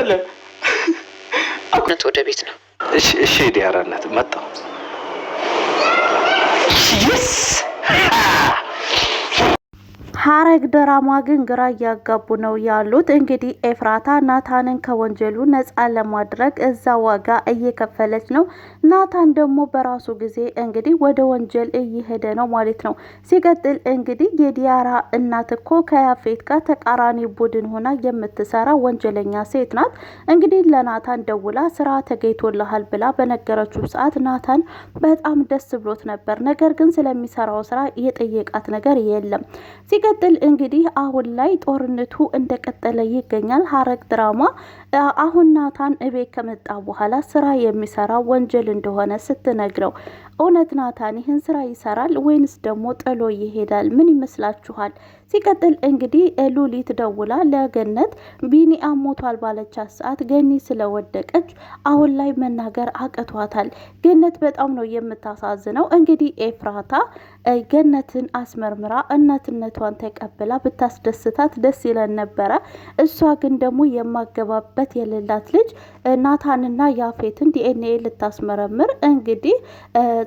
እንሄዳለን። አኩነት ወደ ቤት ነው። እሺ ዲያራ እናት መጣሁ። ሐረግ ድራማ ግን ግራ እያጋቡ ነው ያሉት። እንግዲህ ኤፍራታ ናታንን ከወንጀሉ ነፃ ለማድረግ እዛ ዋጋ እየከፈለች ነው። ናታን ደግሞ በራሱ ጊዜ እንግዲህ ወደ ወንጀል እየሄደ ነው ማለት ነው። ሲቀጥል እንግዲህ የዲያራ እናት እኮ ከያፌት ጋር ተቃራኒ ቡድን ሆና የምትሰራ ወንጀለኛ ሴት ናት። እንግዲህ ለናታን ደውላ ስራ ተገኝቶልሃል ብላ በነገረችው ሰዓት ናታን በጣም ደስ ብሎት ነበር። ነገር ግን ስለሚሰራው ስራ የጠየቃት ነገር የለም። ሲቀጥል እንግዲህ አሁን ላይ ጦርነቱ እንደቀጠለ ይገኛል። ሀረግ ድራማ አሁን ናታን እቤት ከመጣ በኋላ ስራ የሚሰራ ወንጀል እንደሆነ ስትነግረው እውነት ናታን ይህን ስራ ይሰራል ወይንስ ደግሞ ጥሎ ይሄዳል? ምን ይመስላችኋል? ሲቀጥል እንግዲህ ሉሊት ደውላ ለገነት ቢኒ አሞቷል ባለቻት ሰዓት ገኒ ስለወደቀች አሁን ላይ መናገር አቅቷታል። ገነት በጣም ነው የምታሳዝነው። እንግዲህ ኤፍራታ ገነትን አስመርምራ እናትነቷን ተቀብላ ብታስደስታት ደስ ይለን ነበረ። እሷ ግን ደግሞ የማገባበት ያለበት የሌላት ልጅ ናታንና ያፌትን ዲኤንኤ ልታስመረምር እንግዲህ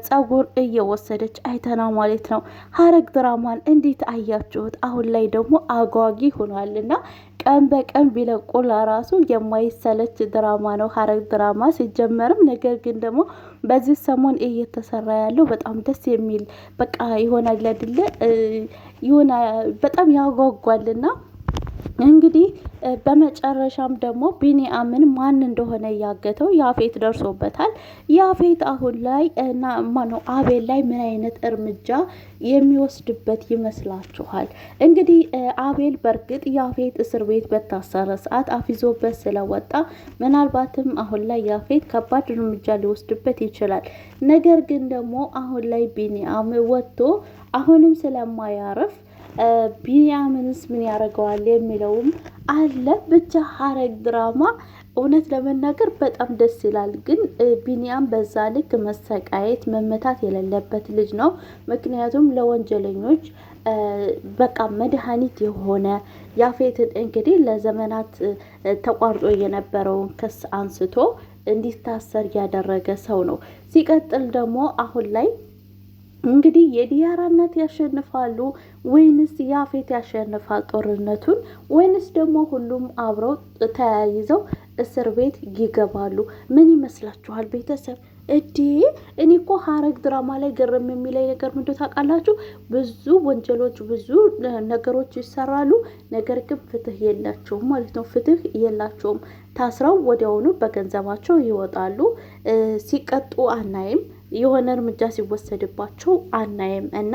ጸጉር እየወሰደች አይተና ማለት ነው። ሀረግ ድራማን እንዴት አያችሁት? አሁን ላይ ደግሞ አጓጊ ሆኗልና ቀን በቀን ቢለቁ ለራሱ የማይሰለች ድራማ ነው ሀረግ ድራማ ሲጀመርም። ነገር ግን ደግሞ በዚህ ሰሞን እየተሰራ ያለው በጣም ደስ የሚል በቃ ይሆናል አይደለ? ይሆና በጣም ያጓጓልና እንግዲህ በመጨረሻም ደግሞ ቢኒያምን ማን እንደሆነ ያገተው ያፌት ደርሶበታል። ያፌት አሁን ላይ ማነው አቤል ላይ ምን አይነት እርምጃ የሚወስድበት ይመስላችኋል? እንግዲህ አቤል በእርግጥ ያፌት እስር ቤት በታሰረ ሰዓት አፊዞበት ስለወጣ ምናልባትም አሁን ላይ ያፌት ከባድ እርምጃ ሊወስድበት ይችላል። ነገር ግን ደግሞ አሁን ላይ ቢኒያም ወጥቶ አሁንም ስለማያርፍ ቢንያምንስ ምን ያደርገዋል የሚለውም አለ። ብቻ ሐረግ ድራማ እውነት ለመናገር በጣም ደስ ይላል። ግን ቢንያም በዛ ልክ መሰቃየት፣ መመታት የሌለበት ልጅ ነው። ምክንያቱም ለወንጀለኞች በቃ መድኃኒት የሆነ ያፌትን እንግዲህ ለዘመናት ተቋርጦ የነበረውን ክስ አንስቶ እንዲታሰር ያደረገ ሰው ነው። ሲቀጥል ደግሞ አሁን ላይ እንግዲህ የዲያራ እናት ያሸንፋሉ ወይንስ ያፌት ያሸንፋል ጦርነቱን? ወይንስ ደግሞ ሁሉም አብረው ተያይዘው እስር ቤት ይገባሉ? ምን ይመስላችኋል ቤተሰብ? እዴ እኔ እኮ ሀረግ ድራማ ላይ ግርም የሚለኝ ነገር ምንዶ ታውቃላችሁ? ብዙ ወንጀሎች ብዙ ነገሮች ይሰራሉ፣ ነገር ግን ፍትህ የላቸውም ማለት ነው። ፍትህ የላቸውም። ታስረው ወዲያውኑ በገንዘባቸው ይወጣሉ። ሲቀጡ አናይም። የሆነ እርምጃ ሲወሰድባቸው አናየም እና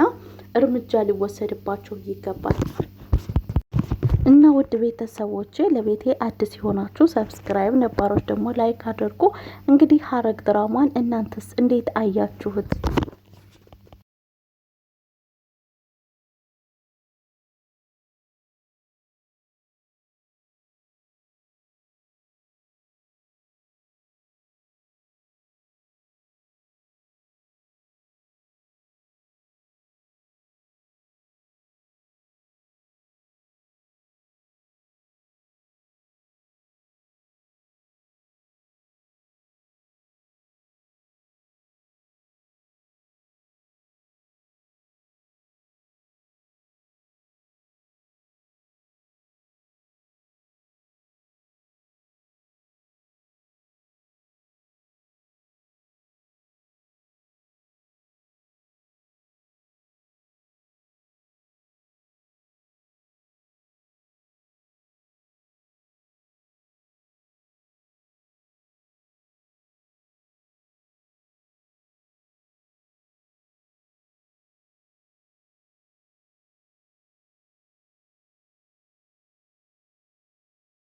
እርምጃ ሊወሰድባቸው ይገባል። እና ውድ ቤተሰቦች ለቤቴ አዲስ የሆናችሁ ሰብስክራይብ፣ ነባሮች ደግሞ ላይክ አድርጉ። እንግዲህ ሐረግ ድራማን እናንተስ እንዴት አያችሁት?